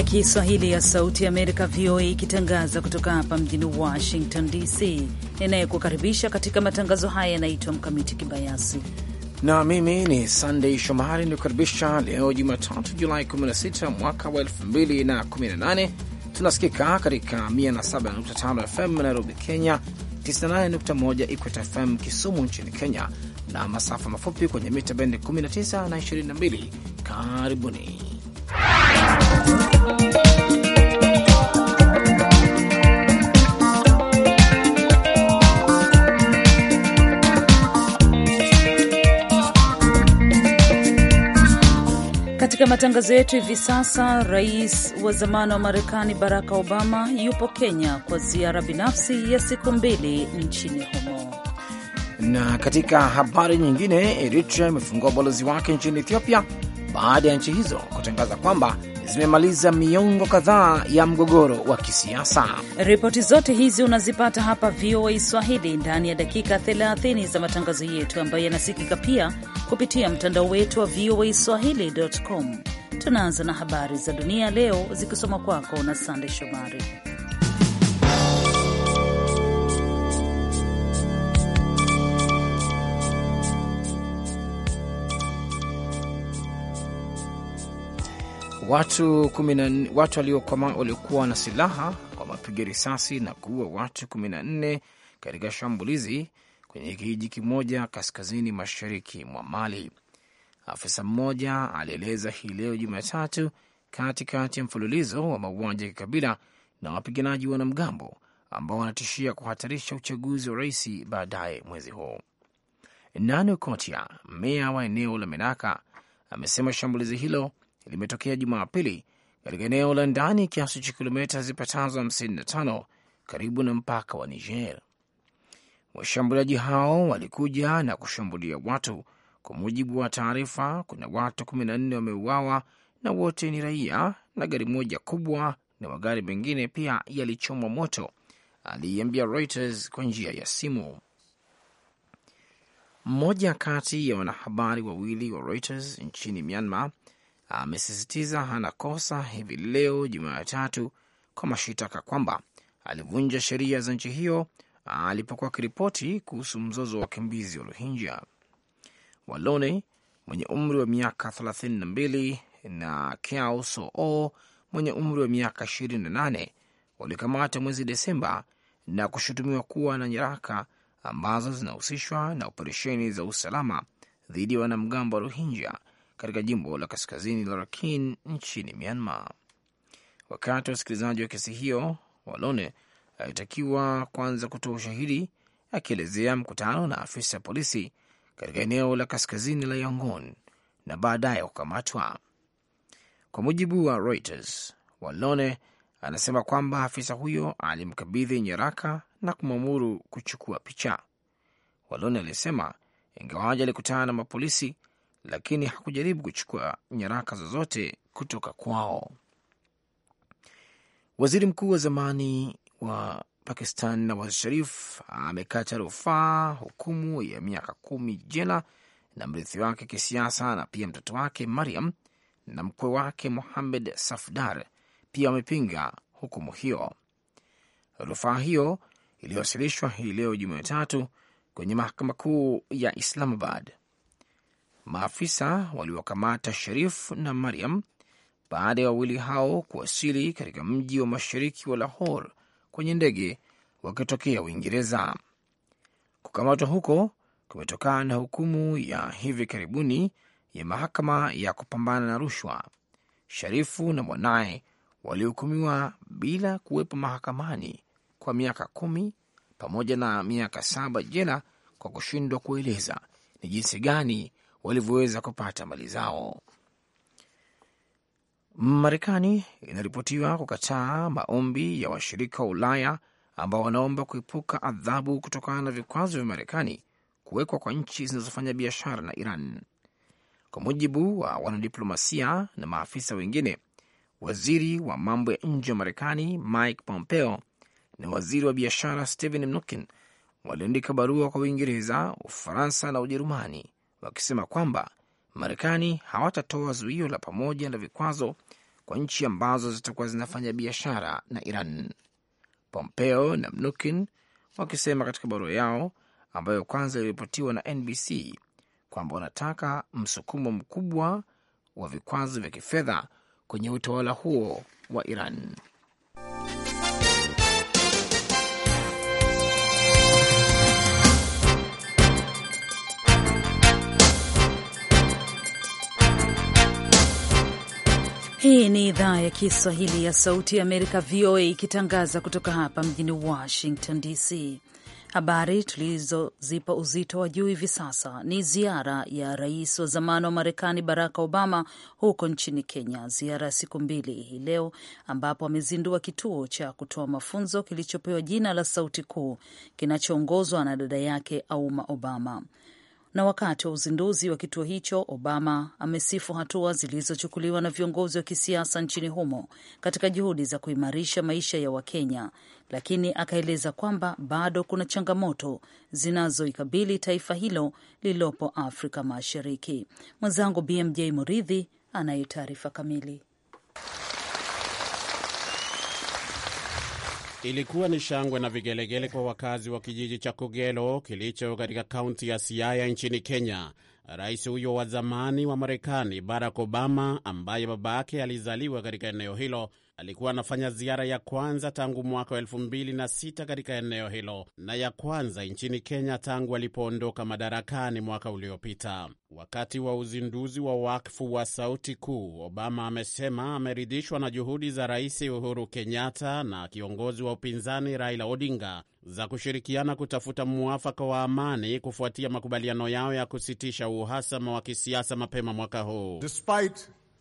ya Kiswahili ya Sauti Amerika, VOA, ikitangaza kutoka hapa mjini Washington DC. Ninayekukaribisha katika matangazo haya yanaitwa Mkamiti Kibayasi na mimi ni Sandey Shomari nikukaribisha leo Jumatatu Julai 16 mwaka wa 2018. Tunasikika katika 107.5 FM Nairobi, Kenya, 98.1 Ikweta FM Kisumu nchini Kenya, na masafa mafupi kwenye mita bendi 19 na 22. Karibuni katika matangazo yetu hivi sasa, rais wa zamani wa Marekani Barack Obama yupo Kenya kwa ziara binafsi ya siku mbili nchini humo. Na katika habari nyingine, Eritrea imefungua ubalozi wake nchini Ethiopia baada ya nchi hizo kutangaza kwamba zimemaliza miongo kadhaa ya mgogoro wa kisiasa. Ripoti zote hizi unazipata hapa VOA Swahili ndani ya dakika 30 za matangazo yetu ambayo yanasikika pia kupitia mtandao wetu wa VOA Swahili.com. Tunaanza na habari za dunia leo zikisoma kwako na Sande Shomari. watu watu waliokuwa na silaha wamepiga risasi na kuua watu 14 katika shambulizi kwenye kijiji kimoja kaskazini mashariki mwa Mali. Afisa mmoja alieleza hii leo Jumatatu katikati ya mfululizo wa mauaji ya kikabila na wapiganaji wanamgambo ambao wanatishia kuhatarisha uchaguzi wa rais baadaye mwezi huu. Nanu Kotia, meya wa eneo la Menaka, amesema shambulizi hilo limetokea Jumapili katika eneo la ndani kiasi cha kilomita zipatazo 55 karibu na mpaka wa Niger. Washambuliaji hao walikuja na kushambulia watu. Kwa mujibu wa taarifa, kuna watu 14 wameuawa na wote ni raia, na gari moja kubwa na magari mengine pia yalichomwa moto, aliiambia Reuters kwa njia ya simu. Mmoja kati ya wanahabari wawili wa Reuters nchini Myanmar amesisitiza hana kosa hivi leo Jumatatu kwa mashitaka kwamba alivunja sheria za nchi hiyo alipokuwa akiripoti kuhusu mzozo wa wakimbizi wa Rohingya. Walone mwenye umri wa miaka 32 na Kiau Soo mwenye umri wa miaka 28 walikamata mwezi Desemba na kushutumiwa kuwa na nyaraka ambazo zinahusishwa na operesheni za usalama dhidi ya wanamgambo wa Rohingya katika jimbo la kaskazini la Rakhine nchini Myanmar. Wakati wa usikilizaji wa kesi hiyo, Walone alitakiwa kwanza kutoa ushahidi akielezea mkutano na afisa ya polisi katika eneo la kaskazini la Yangon na baadaye kukamatwa. Kwa mujibu wa Reuters, Walone anasema kwamba afisa huyo alimkabidhi nyaraka na kumwamuru kuchukua picha. Walone alisema ingawaji alikutana na mapolisi, lakini hakujaribu kuchukua nyaraka zozote kutoka kwao. Waziri mkuu wa zamani wa Pakistan Nawaz Sharif amekata rufaa hukumu ya miaka kumi jela na mrithi wake kisiasa na pia mtoto wake Mariam na mkwe wake muhamed Safdar pia wamepinga hukumu hiyo. Rufaa hiyo iliyowasilishwa hii leo Jumatatu kwenye mahakama kuu ya Islamabad Maafisa waliwakamata Sharif na Mariam baada ya wawili hao kuwasili katika mji wa mashariki wa Lahore kwenye ndege wakitokea Uingereza. Kukamatwa huko kumetokana na hukumu ya hivi karibuni ya mahakama ya kupambana na rushwa. Sharifu na mwanaye walihukumiwa bila kuwepo mahakamani kwa miaka kumi pamoja na miaka saba jela kwa kushindwa kueleza ni jinsi gani walivyoweza kupata mali zao. Marekani inaripotiwa kukataa maombi ya washirika wa Ulaya ambao wanaomba kuepuka adhabu kutokana na vikwazo vya Marekani kuwekwa kwa nchi zinazofanya biashara na Iran. Kwa mujibu wa wanadiplomasia na maafisa wengine, waziri wa mambo ya nje wa Marekani Mike Pompeo na waziri wa biashara Stephen Mnuchin waliandika barua kwa Uingereza, Ufaransa na Ujerumani wakisema kwamba Marekani hawatatoa zuio la pamoja la vikwazo kwa nchi ambazo zitakuwa zinafanya biashara na Iran. Pompeo na Mnukin wakisema katika barua yao ambayo kwanza iliripotiwa na NBC kwamba wanataka msukumo mkubwa wa vikwazo vya kifedha kwenye utawala huo wa Iran. Hii ni idhaa ya Kiswahili ya Sauti ya Amerika, VOA, ikitangaza kutoka hapa mjini Washington DC. Habari tulizozipa uzito wa juu hivi sasa ni ziara ya rais wa zamani wa Marekani Barack Obama huko nchini Kenya, ziara ya siku mbili hii leo, ambapo amezindua kituo cha kutoa mafunzo kilichopewa jina la Sauti Kuu, kinachoongozwa na dada yake Auma Obama. Na wakati wa uzinduzi wa kituo hicho, Obama amesifu hatua zilizochukuliwa na viongozi wa kisiasa nchini humo katika juhudi za kuimarisha maisha ya Wakenya, lakini akaeleza kwamba bado kuna changamoto zinazoikabili taifa hilo lililopo Afrika Mashariki. Mwenzangu BMJ Muridhi anayo taarifa kamili. Ilikuwa ni shangwe na vigelegele kwa wakazi wa kijiji cha Kogelo kilicho katika kaunti ya Siaya nchini Kenya. Rais huyo wa zamani wa Marekani Barack Obama, ambaye baba yake alizaliwa katika eneo hilo alikuwa anafanya ziara ya kwanza tangu mwaka wa elfu katika eneo hilo na ya kwanza nchini Kenya tangu alipoondoka madarakani mwaka uliopita. Wakati wa uzinduzi wa wakfu wa Sauti Kuu, Obama amesema ameridhishwa na juhudi za Rais Uhuru Kenyatta na kiongozi wa upinzani Raila Odinga za kushirikiana kutafuta mwafaka wa amani kufuatia makubaliano yao ya kusitisha uhasama wa kisiasa mapema mwaka huu. Despite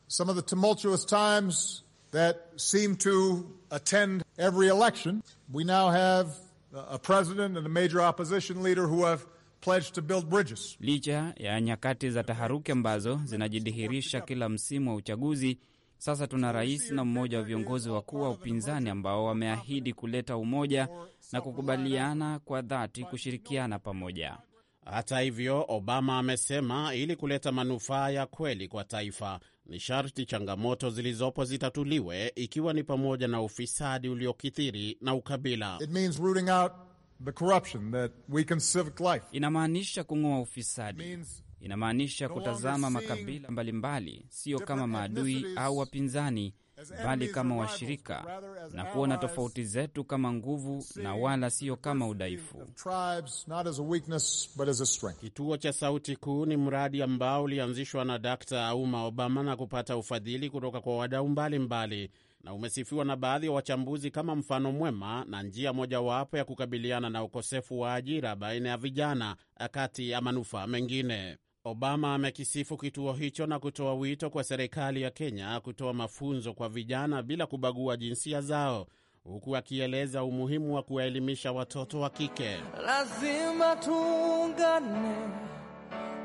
some of the tumultuous times that seem to attend every election. We now have a president and a major opposition leader who have pledged to build bridges. Licha ya nyakati za taharuki ambazo zinajidhihirisha kila msimu wa uchaguzi, sasa tuna rais na mmoja wa viongozi wakuu wa upinzani ambao wameahidi kuleta umoja na kukubaliana kwa dhati kushirikiana pamoja. Hata hivyo, Obama amesema ili kuleta manufaa ya kweli kwa taifa ni sharti changamoto zilizopo zitatuliwe, ikiwa ni pamoja na ufisadi uliokithiri na ukabila. Inamaanisha kung'oa ufisadi, inamaanisha kutazama makabila mbalimbali, siyo kama maadui au wapinzani bali kama washirika na kuona tofauti zetu kama nguvu na wala siyo kama udhaifu. Kituo cha Sauti Kuu ni mradi ambao ulianzishwa na Dkt. Auma Obama na kupata ufadhili kutoka kwa wadau mbalimbali na umesifiwa na baadhi ya wa wachambuzi kama mfano mwema na njia mojawapo ya kukabiliana na ukosefu wa ajira baina ya vijana, kati ya manufaa mengine. Obama amekisifu kituo hicho na kutoa wito kwa serikali ya Kenya kutoa mafunzo kwa vijana bila kubagua jinsia zao, huku akieleza umuhimu wa kuwaelimisha watoto wa kike. Lazima tuungane,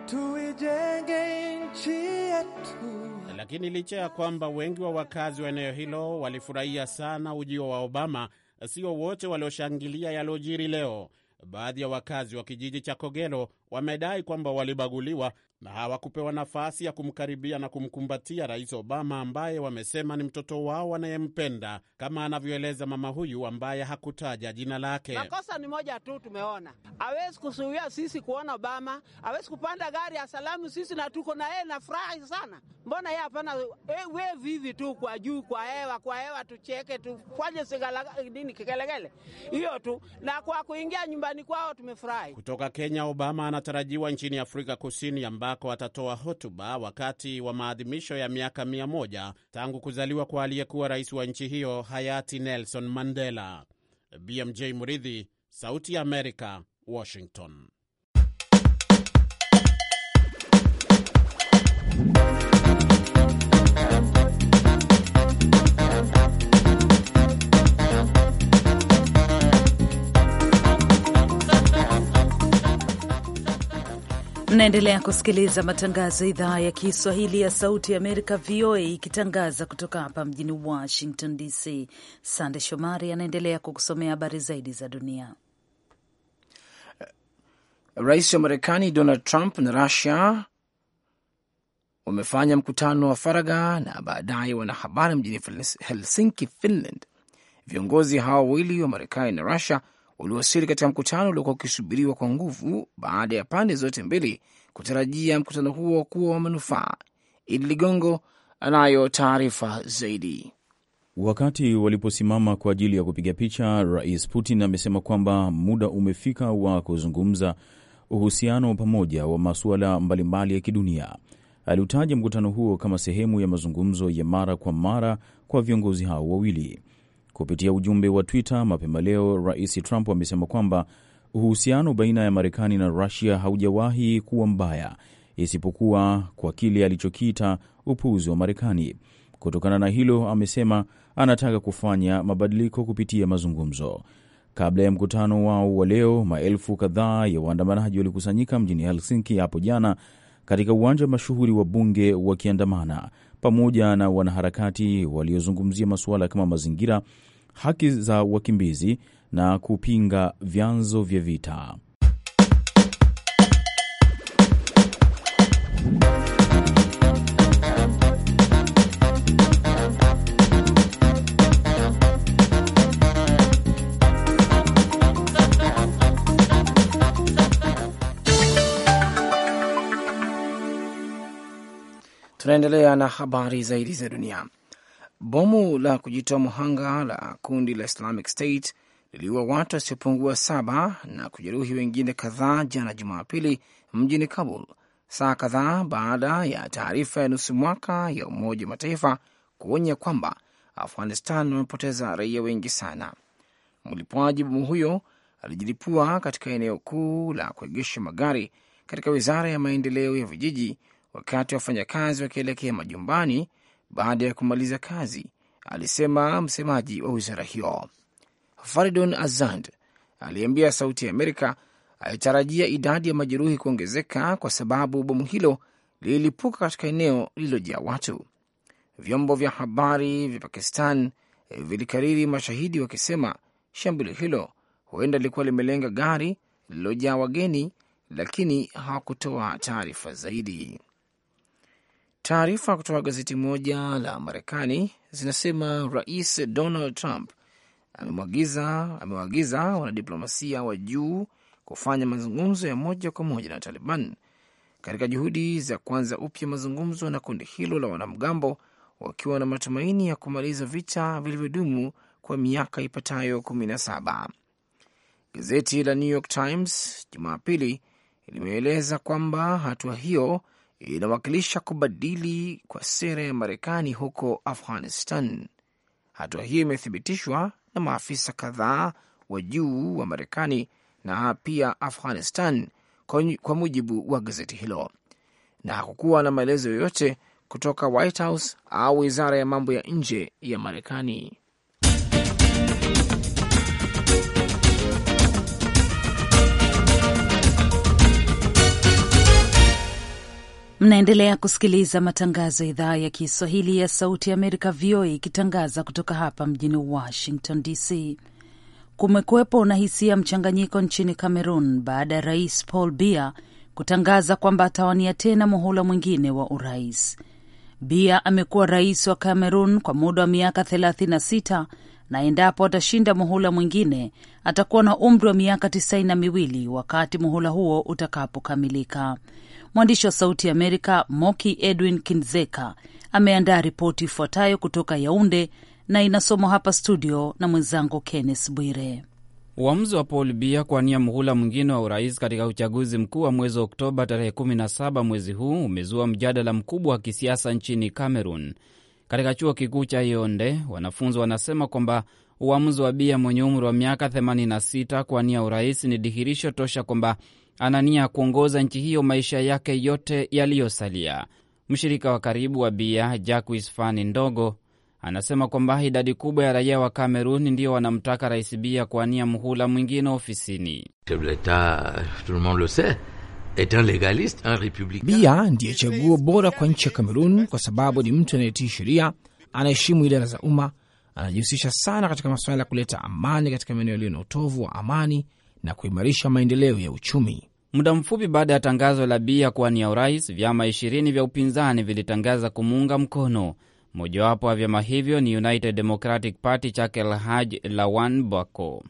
tuijenge nchi yetu. Lakini licha ya kwamba wengi wa wakazi wa eneo hilo walifurahia sana ujio wa Obama, sio wote walioshangilia yaliojiri leo. Baadhi ya wakazi wa kijiji cha Kogelo wamedai kwamba walibaguliwa na hawakupewa nafasi ya kumkaribia na kumkumbatia Rais Obama ambaye wamesema ni mtoto wao anayempenda kama anavyoeleza mama huyu ambaye hakutaja jina lake. Makosa ni moja tu, tumeona awezi kusuia sisi kuona Obama, awezi kupanda gari ya salamu sisi, na tuko na yeye na furahi sana. Mbona yeye hapana? Eh, We vivi tu kwa juu, kwa hewa, kwa hewa, tucheke, tufanye dini kikelegele, hiyo tu, na kwa kuingia nyumbani kwao tumefurahi. Kutoka Kenya, Obama anatarajiwa nchini Afrika Kusini amba ambako atatoa hotuba wakati wa maadhimisho ya miaka mia moja tangu kuzaliwa kwa aliyekuwa rais wa nchi hiyo hayati Nelson Mandela. BMJ Muridhi, Sauti ya Amerika, Washington. Mnaendelea kusikiliza matangazo ya idhaa ya Kiswahili ya Sauti ya Amerika, VOA, ikitangaza kutoka hapa mjini Washington DC. Sande Shomari anaendelea kukusomea habari zaidi za dunia. Rais wa Marekani Donald Trump na Rusia wamefanya mkutano wa faragha na baadaye wanahabari mjini Helsinki, Finland. Viongozi hawa wawili wa Marekani na Rusia uliwasili katika mkutano uliokuwa ukisubiriwa kwa nguvu baada ya pande zote mbili kutarajia mkutano huo kuwa wa manufaa. Idi Ligongo anayo taarifa zaidi. Wakati waliposimama kwa ajili ya kupiga picha, Rais Putin amesema kwamba muda umefika wa kuzungumza uhusiano pamoja wa masuala mbalimbali ya kidunia. Aliutaja mkutano huo kama sehemu ya mazungumzo ya mara kwa mara kwa viongozi hao wawili. Kupitia ujumbe wa Twitter mapema leo, Rais Trump amesema kwamba uhusiano baina ya Marekani na Rusia haujawahi kuwa mbaya isipokuwa kwa kile alichokiita upuuzi wa Marekani. Kutokana na hilo, amesema anataka kufanya mabadiliko kupitia mazungumzo. Kabla ya mkutano wao wa leo, maelfu kadhaa ya waandamanaji walikusanyika mjini Helsinki hapo jana katika uwanja mashuhuri wa bunge wakiandamana pamoja na wanaharakati waliozungumzia masuala kama mazingira, haki za wakimbizi na kupinga vyanzo vya vita. Tunaendelea na habari zaidi za dunia. Bomu la kujitoa muhanga la kundi la Islamic State liliua watu wasiopungua saba na kujeruhi wengine kadhaa jana Jumapili mjini Kabul, saa kadhaa baada ya taarifa ya nusu mwaka ya Umoja wa Mataifa kuonya kwamba Afghanistan wamepoteza raia wengi sana. Mlipuaji bomu huyo alijilipua katika eneo kuu la kuegesha magari katika wizara ya maendeleo ya vijiji wakati wafanyakazi wakielekea majumbani baada ya kumaliza kazi, alisema msemaji wa wizara hiyo. Faridun Azand aliambia Sauti ya Amerika alitarajia idadi ya majeruhi kuongezeka kwa sababu bomu hilo lililipuka katika eneo lililojaa watu. Vyombo vya habari vya Pakistan vilikariri mashahidi wakisema shambulio hilo huenda lilikuwa limelenga gari lililojaa wageni, lakini hawakutoa taarifa zaidi. Taarifa kutoka gazeti moja la Marekani zinasema Rais Donald Trump amewaagiza wanadiplomasia wa juu kufanya mazungumzo ya moja kwa moja na Taliban katika juhudi za kuanza upya mazungumzo na kundi hilo la wanamgambo, wakiwa na matumaini ya kumaliza vita vilivyodumu kwa miaka ipatayo 17. Gazeti la New York Times Jumapili limeeleza kwamba hatua hiyo inawakilisha kubadili kwa sera ya Marekani huko Afghanistan. Hatua hiyo imethibitishwa na maafisa kadhaa wa juu wa Marekani na pia Afghanistan, kwa mujibu wa gazeti hilo, na hakukuwa na maelezo yoyote kutoka White House au wizara ya mambo ya nje ya Marekani. Mnaendelea kusikiliza matangazo ya idhaa ya Kiswahili ya Sauti ya Amerika, VOA, ikitangaza kutoka hapa mjini Washington DC. Kumekuwepo na hisia mchanganyiko nchini Cameroon baada ya rais Paul bia kutangaza kwamba atawania tena muhula mwingine wa urais. bia amekuwa rais wa Cameroon kwa muda wa miaka 36 na endapo atashinda muhula mwingine atakuwa na umri wa miaka tisini na miwili wakati muhula huo utakapokamilika. Mwandishi wa Sauti ya Amerika Moki Edwin Kinzeka ameandaa ripoti ifuatayo kutoka Yaunde na inasomwa hapa studio na mwenzangu Kenneth Bwire. Uamuzi wa Paul Bia kuania muhula mwingine wa urais katika uchaguzi mkuu wa mwezi Oktoba tarehe 17 mwezi huu umezua mjadala mkubwa wa kisiasa nchini Cameroon. Katika chuo kikuu cha Yonde, wanafunzi wanasema kwamba uamuzi wa Bia mwenye umri wa miaka 86 kuania urais ni dhihirisho tosha kwamba Anania kuongoza nchi hiyo maisha yake yote yaliyosalia. Mshirika wa karibu wa Bia, Jacques Fani Ndogo, anasema kwamba idadi kubwa ya raia wa Kamerun ndio wanamtaka Rais Bia kuania mhula mwingine ofisini. Bia ndiye chaguo bora kwa nchi ya Kamerun kwa sababu ni mtu anayetii sheria, anaheshimu idara za umma, anajihusisha sana katika masuala ya kuleta amani katika maeneo yaliyo na utovu wa amani na kuimarisha maendeleo ya uchumi. Muda mfupi baada ya tangazo la Biya kuwania urais, vyama ishirini vya upinzani vilitangaza kumuunga mkono. Mojawapo wa vyama hivyo ni United Democratic Party chake haj Lawan Bako.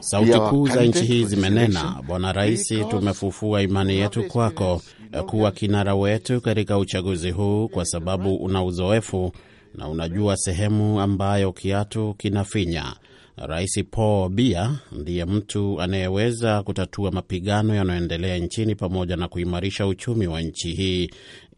Sauti kuu za nchi hii zimenena, Bwana Rais, tumefufua imani yetu kwako kuwa kinara wetu katika uchaguzi huu, kwa sababu una uzoefu na unajua sehemu ambayo kiatu kinafinya. Rais Paul Biya ndiye mtu anayeweza kutatua mapigano yanayoendelea nchini pamoja na kuimarisha uchumi wa nchi hii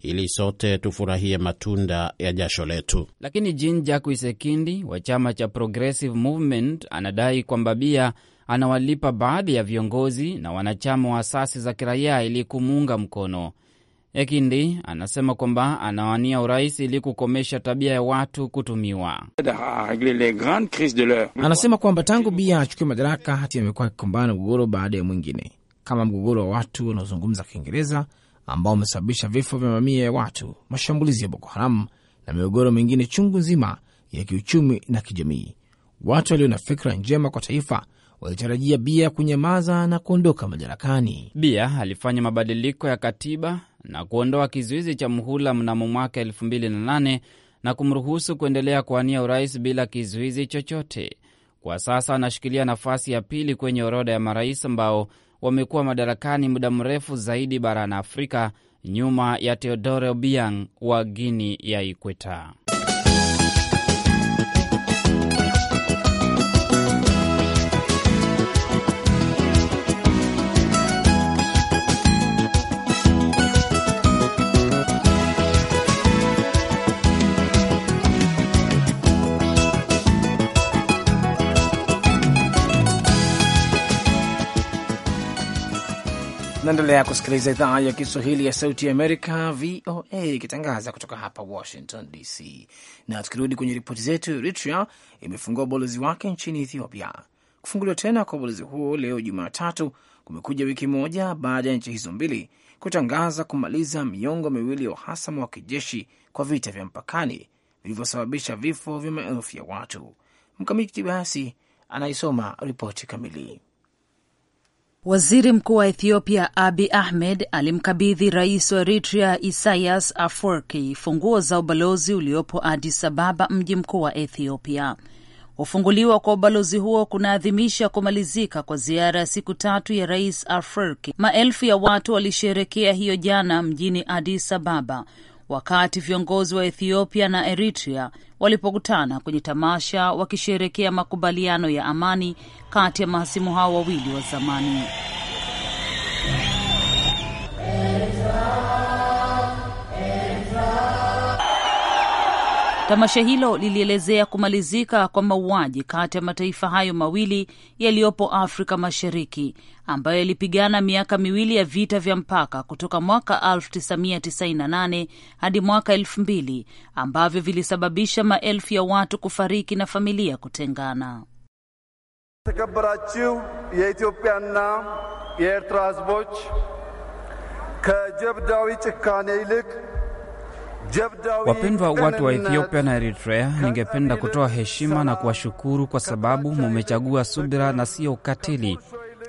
ili sote tufurahie matunda ya jasho letu. Lakini Jean Jacques Isekindi wa chama cha Progressive Movement anadai kwamba Biya anawalipa baadhi ya viongozi na wanachama wa asasi za kiraia ili kumuunga mkono. Ekindi anasema kwamba anawania urais ili kukomesha tabia ya watu kutumiwa. Anasema kwamba tangu Bia achukue madaraka, hati amekuwa akikumbana na mgogoro baada ya mwingine, kama mgogoro wa watu wanaozungumza Kiingereza ambao umesababisha vifo vya mamia ya watu, mashambulizi ya Boko Haram na migogoro mingine chungu nzima ya kiuchumi na kijamii. Watu walio na fikra njema kwa taifa walitarajia Bia kunyamaza na kuondoka madarakani. Bia alifanya mabadiliko ya katiba na kuondoa kizuizi cha mhula mnamo mwaka 2008 na kumruhusu kuendelea kuwania urais bila kizuizi chochote. Kwa sasa anashikilia nafasi ya pili kwenye orodha ya marais ambao wamekuwa madarakani muda mrefu zaidi barani Afrika, nyuma ya Teodoro Obiang wa Guini ya Ikweta. Naendelea kusikiliza idhaa ya Kiswahili ya Sauti ya Amerika, VOA, ikitangaza kutoka hapa Washington DC. Na tukirudi kwenye ripoti zetu, Eritrea imefungua ubalozi wake nchini Ethiopia. Kufunguliwa tena kwa ubalozi huo leo Jumatatu kumekuja wiki moja baada ya nchi hizo mbili kutangaza kumaliza miongo miwili ya uhasama wa kijeshi kwa vita vya mpakani vilivyosababisha vifo vya maelfu ya watu. Mkamiti Kibayasi anaisoma ripoti kamili. Waziri Mkuu wa Ethiopia Abi Ahmed alimkabidhi rais wa Eritrea Isaias Afwerki funguo za ubalozi uliopo Addis Ababa, mji mkuu wa Ethiopia. Kufunguliwa kwa ubalozi huo kunaadhimisha kumalizika kwa ziara ya siku tatu ya rais Afwerki. Maelfu ya watu walisherekea hiyo jana mjini Addis Ababa wakati viongozi wa Ethiopia na Eritrea walipokutana kwenye tamasha wakisherekea makubaliano ya amani kati ya mahasimu hao wawili wa zamani. Tamasha hilo lilielezea kumalizika kwa mauaji kati ya mataifa hayo mawili yaliyopo Afrika Mashariki ambayo yalipigana miaka miwili ya vita vya mpaka kutoka mwaka 1998 hadi mwaka 2000 ambavyo vilisababisha maelfu ya watu kufariki na familia kutengana. የተከበራችሁ የኢትዮጵያና የኤርትራ ሕዝቦች ከጀብዳዊ ጭካኔ ይልቅ Wapendwa watu wa Ethiopia na Eritrea, ningependa kutoa heshima na kuwashukuru kwa sababu mumechagua subira na sio ukatili,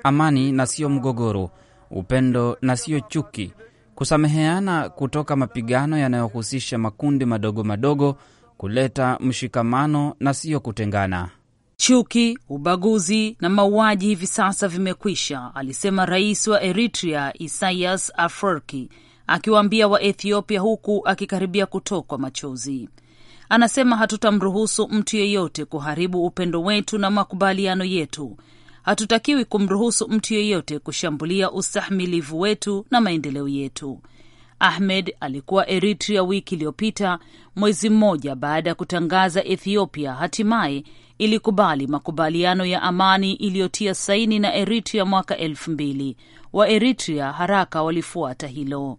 amani na sio mgogoro, upendo na sio chuki, kusameheana kutoka mapigano yanayohusisha makundi madogo madogo, kuleta mshikamano na sio kutengana. Chuki, ubaguzi na mauaji hivi sasa vimekwisha, alisema rais wa Eritrea Isaias Afwerki akiwaambia Waethiopia huku akikaribia kutokwa machozi. Anasema, hatutamruhusu mtu yeyote kuharibu upendo wetu na makubaliano yetu. Hatutakiwi kumruhusu mtu yeyote kushambulia ustahimilivu wetu na maendeleo yetu. Ahmed alikuwa Eritrea wiki iliyopita, mwezi mmoja baada ya kutangaza Ethiopia hatimaye ilikubali makubaliano ya amani iliyotia saini na Eritrea mwaka elfu mbili. Wa Eritrea haraka walifuata hilo.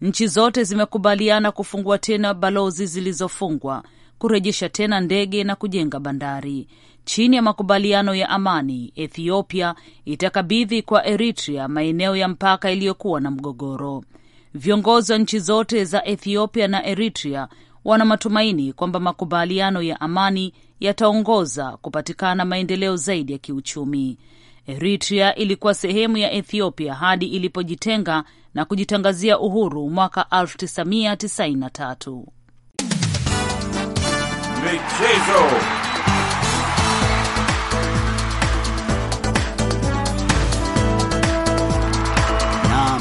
Nchi zote zimekubaliana kufungua tena balozi zilizofungwa, kurejesha tena ndege na kujenga bandari. Chini ya makubaliano ya amani, Ethiopia itakabidhi kwa Eritrea maeneo ya mpaka iliyokuwa na mgogoro. Viongozi wa nchi zote za Ethiopia na Eritrea wana matumaini kwamba makubaliano ya amani yataongoza kupatikana maendeleo zaidi ya kiuchumi. Eritrea ilikuwa sehemu ya Ethiopia hadi ilipojitenga na kujitangazia uhuru mwaka 1993. Michezo.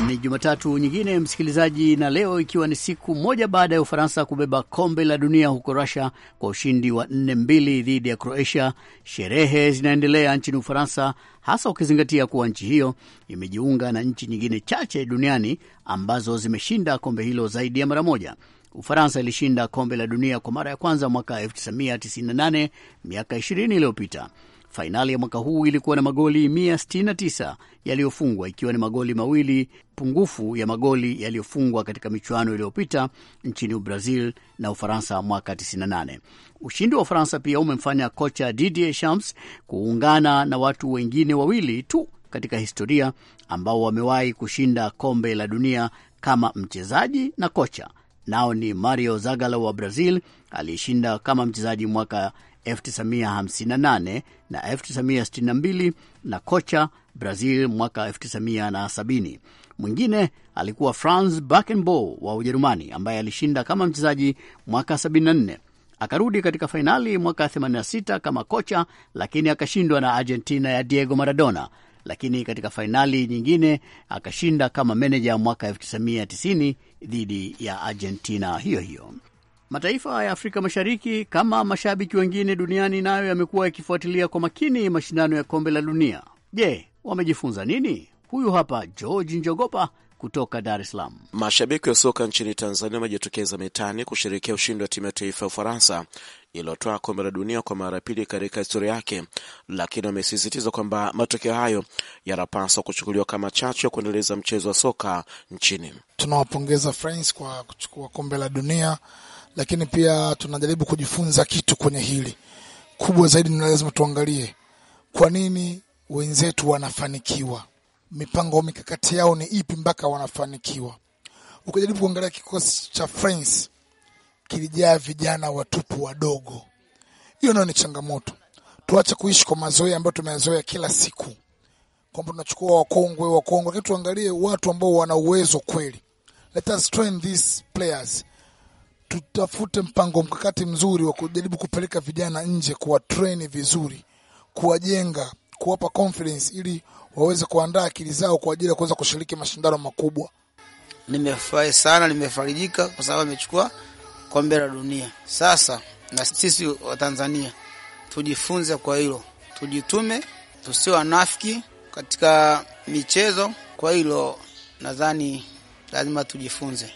Ni Jumatatu nyingine msikilizaji, na leo ikiwa ni siku moja baada ya Ufaransa kubeba kombe la dunia huko Russia kwa ushindi wa nne mbili dhidi ya Croatia, sherehe zinaendelea nchini Ufaransa, hasa ukizingatia kuwa nchi hiyo imejiunga na nchi nyingine chache duniani ambazo zimeshinda kombe hilo zaidi ya mara moja. Ufaransa ilishinda kombe la dunia kwa mara ya kwanza mwaka 1998 miaka 20 iliyopita. Fainali ya mwaka huu ilikuwa na magoli 169 yaliyofungwa ikiwa ni magoli mawili pungufu ya magoli yaliyofungwa katika michuano iliyopita nchini Brazil na Ufaransa mwaka 98. Ushindi wa Ufaransa pia umemfanya kocha Didier Shams kuungana na watu wengine wawili tu katika historia ambao wamewahi kushinda kombe la dunia kama mchezaji na kocha, nao ni Mario Zagallo wa Brazil aliyeshinda kama mchezaji mwaka 1958 na 1962 na kocha Brazil mwaka 1970. Mwingine alikuwa Franz Beckenbauer wa Ujerumani ambaye alishinda kama mchezaji mwaka 74. Akarudi katika fainali mwaka 86 kama kocha, lakini akashindwa na Argentina ya Diego Maradona lakini katika fainali nyingine akashinda kama meneja mwaka 1990 dhidi ya Argentina hiyo hiyo. Mataifa ya Afrika Mashariki kama mashabiki wengine duniani nayo yamekuwa yakifuatilia kwa makini mashindano ya kombe la dunia. Je, wamejifunza nini? Huyu hapa George Njogopa kutoka Dar es Salaam. Mashabiki wa soka nchini Tanzania wamejitokeza mitaani kusherekea ushindi wa timu ya taifa ya Ufaransa iliyotwaa kombe la dunia kwa mara ya pili katika historia yake, lakini wamesisitiza kwamba matokeo hayo yanapaswa kuchukuliwa kama chachu ya kuendeleza mchezo wa soka nchini. Tunawapongeza France kwa kuchukua kombe la dunia lakini pia tunajaribu kujifunza kitu kwenye hili. Kubwa zaidi ni lazima tuangalie kwa nini wenzetu wanafanikiwa, mipango mikakati yao ni ipi mpaka wanafanikiwa. Ukijaribu kuangalia kikosi cha France kilijaa vijana watupu wadogo. Hiyo nayo ni changamoto. Tuache kuishi kwa mazoea ambayo tumeyazoea kila siku kwamba tunachukua wakongwe wakongwe, lakini tuangalie watu ambao wana uwezo kweli. Let us train these players tutafute mpango mkakati mzuri wa kujaribu kupeleka vijana nje, kuwatreni vizuri, kuwajenga, kuwapa confidence ili waweze kuandaa akili zao kwa ajili ya kuweza kushiriki mashindano makubwa. Nimefurahi sana, nimefarijika kwa sababu amechukua kombe la dunia. Sasa na sisi wa Tanzania tujifunze kwa hilo, tujitume, tusio wanafiki katika michezo. Kwa hilo nadhani lazima tujifunze.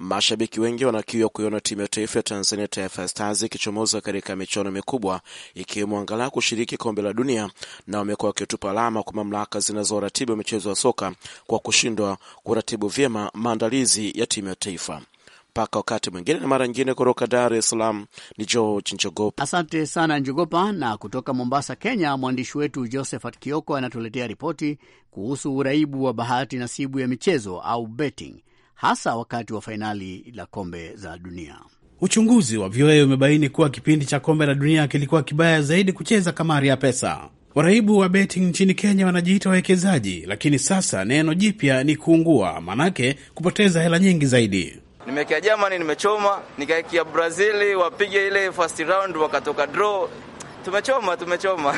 Mashabiki wengi wanakiwa kuiona timu ya taifa ya Tanzania, Taifa Stars, ikichomoza katika michuano mikubwa ikiwemo angalau kushiriki kombe la dunia, na wamekuwa wakitupa alama kwa mamlaka zinazoratibu michezo ya soka kwa kushindwa kuratibu vyema maandalizi ya timu ya taifa mpaka wakati mwingine na mara nyingine. Kutoka Dar es Salaam ni George Njogopa. Asante sana Njogopa. Na kutoka Mombasa, Kenya, mwandishi wetu Josephat Kioko anatuletea ripoti kuhusu uraibu wa bahati nasibu ya michezo au betting hasa wakati wa fainali la kombe za dunia. Uchunguzi wa VOA umebaini kuwa kipindi cha kombe la dunia kilikuwa kibaya zaidi kucheza kamari ya pesa. Waraibu wa betting nchini Kenya wanajiita wawekezaji, lakini sasa neno jipya ni kuungua, maanake kupoteza hela nyingi zaidi. Nimekea jamani nimechoma, nikaekia Brazili wapige ile first round wakatoka draw, Tumechoma, tumechoma.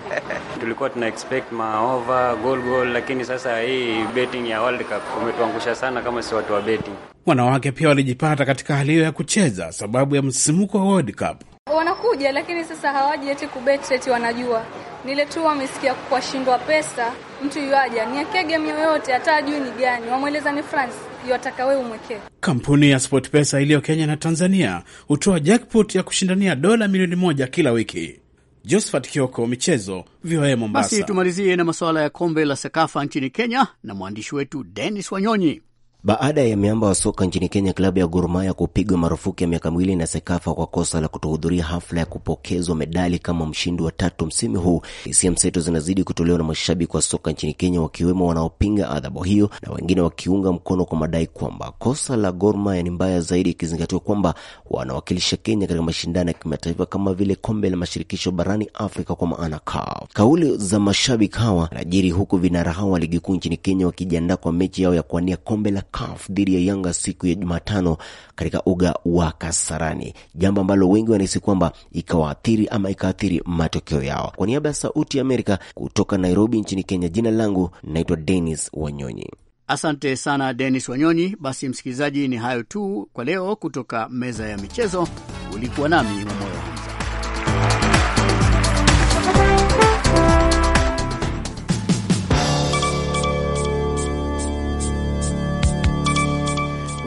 Tulikuwa tuna expect maova goal goal, lakini sasa hii betting ya World Cup umetuangusha sana kama si watu wa betting. Wanawake pia walijipata katika hali hiyo ya kucheza sababu ya msimuko wa World Cup. Wanakuja lakini sasa hawaji eti kubet eti wanajua. Nile tu wamesikia kuwashindwa pesa, mtu yuaja, ni game yoyote hata ajui ni gani. Wamweleza ni France wewe umwekee. Kampuni ya SportPesa iliyo Kenya na Tanzania hutoa jackpot ya kushindania dola milioni moja kila wiki. Josephat Kioko, michezo, VOA Mombasa. Basi tumalizie na masuala ya kombe la Sakafa nchini Kenya na mwandishi wetu Dennis Wanyonyi. Baada ya miamba wa soka nchini Kenya klabu ya Gor Mahia kupigwa marufuku ya miaka miwili na Sekafa kwa kosa la kutohudhuria hafla ya kupokezwa medali kama mshindi wa tatu msimu huu, hisia mseto zinazidi kutolewa na mashabiki wa soka nchini Kenya, wakiwemo wanaopinga adhabu hiyo na wengine wakiunga mkono kwa madai kwamba kosa la Gor Mahia ni mbaya zaidi, ikizingatiwa kwamba wanawakilisha Kenya katika mashindano ya kimataifa kama vile kombe la mashirikisho barani Afrika kwa maana CAF. Kauli za mashabiki hawa najiri huku vinara hawa wa ligi kuu nchini Kenya wakijiandaa kwa mechi yao ya kuania kombe la CAF dhidi ya Yanga siku ya Jumatano katika uga wa Kasarani, jambo ambalo wengi wanahisi kwamba ikawaathiri ama ikaathiri matokeo yao. Kwa niaba ya Sauti ya Amerika kutoka Nairobi nchini Kenya, jina langu naitwa Dennis Wanyonyi. Asante sana Denis Wanyonyi. Basi msikilizaji, ni hayo tu kwa leo kutoka meza ya michezo. Ulikuwa nami Mamoyo.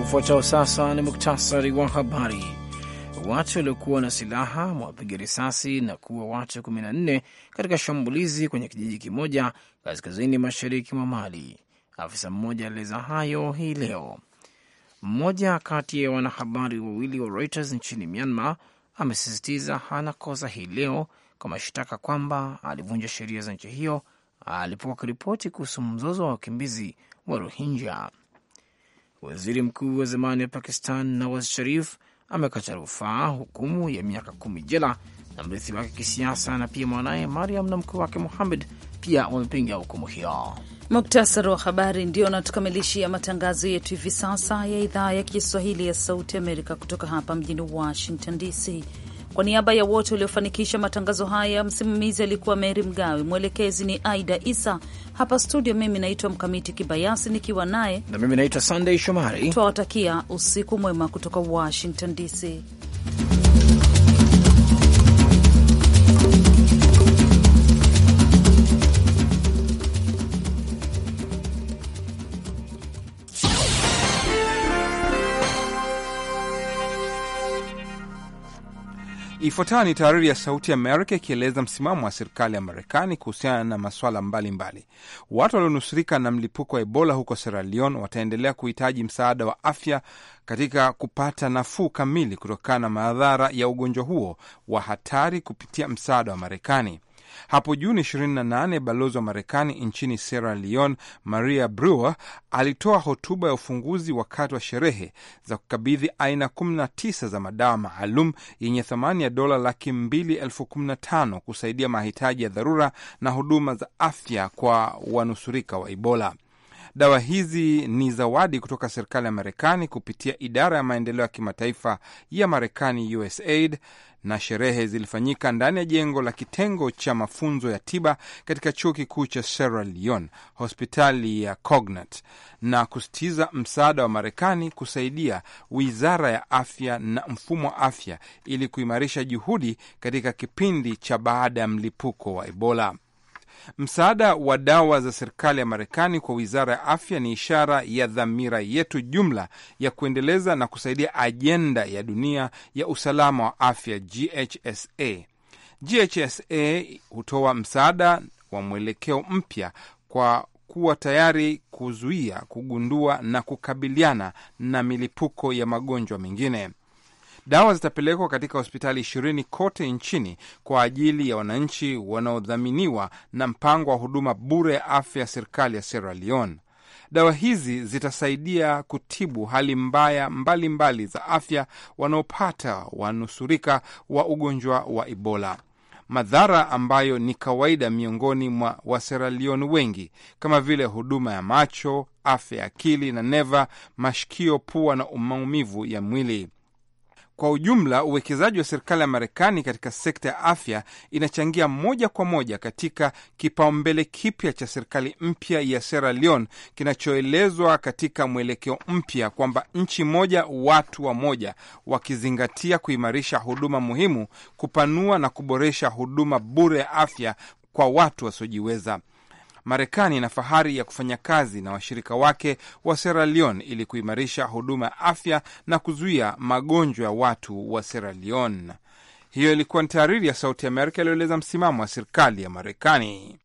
Ufuatao sasa ni muktasari wa habari. Watu waliokuwa na silaha mwawapiga risasi na kuwa watu 14 katika shambulizi kwenye kijiji kimoja kaskazini mashariki mwa Mali. Afisa mmoja alieleza hayo hii leo. Mmoja kati ya wanahabari wawili wa Reuters nchini Myanmar amesisitiza hana kosa hii leo kwa mashtaka kwamba alivunja sheria za nchi hiyo alipokuwa akiripoti kuhusu mzozo wa wakimbizi wa Rohingya. Waziri mkuu wa zamani wa Pakistan Nawaz Sharif amekata rufaa hukumu ya miaka kumi jela na mrithi wake kisiasa na pia mwanaye Mariam na mkuu wake Muhamed pia wamepinga hukumu hiyo. Muktasari wa habari ndio unatukamilishia matangazo yetu hivi sasa ya idhaa ya Kiswahili ya Sauti Amerika kutoka hapa mjini Washington DC. Kwa niaba ya wote waliofanikisha matangazo haya, msimamizi alikuwa Meri Mgawe, mwelekezi ni Aida Isa. Hapa studio, mimi naitwa Mkamiti Kibayasi nikiwa naye na mimi naitwa Sandey Shomari. Twawatakia usiku mwema kutoka Washington DC. Ifuatayo ni tahariri ya Sauti Amerika ikieleza msimamo wa serikali ya Marekani kuhusiana na maswala mbalimbali. Watu walionusurika na mlipuko wa Ebola huko Sierra Leone wataendelea kuhitaji msaada wa afya katika kupata nafuu kamili kutokana na madhara ya ugonjwa huo wa hatari kupitia msaada wa Marekani. Hapo Juni 28 balozi wa Marekani nchini Sierra Leone Maria Brewer alitoa hotuba ya ufunguzi wakati wa sherehe za kukabidhi aina 19 za madawa maalum yenye thamani ya dola laki mbili elfu kumi na tano kusaidia mahitaji ya dharura na huduma za afya kwa wanusurika wa Ebola. Dawa hizi ni zawadi kutoka serikali ya Marekani kupitia idara ya maendeleo ya kimataifa ya Marekani, USAID, na sherehe zilifanyika ndani ya jengo la kitengo cha mafunzo ya tiba katika chuo kikuu cha Sierra Leone, hospitali ya Cognat, na kusitiza msaada wa Marekani kusaidia wizara ya afya na mfumo wa afya ili kuimarisha juhudi katika kipindi cha baada ya mlipuko wa Ebola. Msaada wa dawa za serikali ya Marekani kwa wizara ya afya ni ishara ya dhamira yetu jumla ya kuendeleza na kusaidia ajenda ya dunia ya usalama wa afya GHSA. GHSA hutoa msaada wa mwelekeo mpya kwa kuwa tayari kuzuia, kugundua na kukabiliana na milipuko ya magonjwa mengine. Dawa zitapelekwa katika hospitali ishirini kote nchini kwa ajili ya wananchi wanaodhaminiwa na mpango wa huduma bure ya afya ya serikali ya Sierra Leone. Dawa hizi zitasaidia kutibu hali mbaya mbalimbali mbali za afya wanaopata wanusurika wa ugonjwa wa Ebola, madhara ambayo ni kawaida miongoni mwa Waseralioni wengi kama vile huduma ya macho, afya ya akili na neva, mashikio, pua na maumivu ya mwili. Kwa ujumla, uwekezaji wa serikali ya Marekani katika sekta ya afya inachangia moja kwa moja katika kipaumbele kipya cha serikali mpya ya Sierra Leone kinachoelezwa katika mwelekeo mpya kwamba nchi moja, watu wa moja, wakizingatia kuimarisha huduma muhimu, kupanua na kuboresha huduma bure ya afya kwa watu wasiojiweza. Marekani ina fahari ya kufanya kazi na washirika wake wa Sierra Leone ili kuimarisha huduma ya afya na kuzuia magonjwa ya watu wa Sierra Leone. Hiyo ilikuwa ni tahariri ya Sauti ya Amerika iliyoeleza msimamo wa serikali ya Marekani.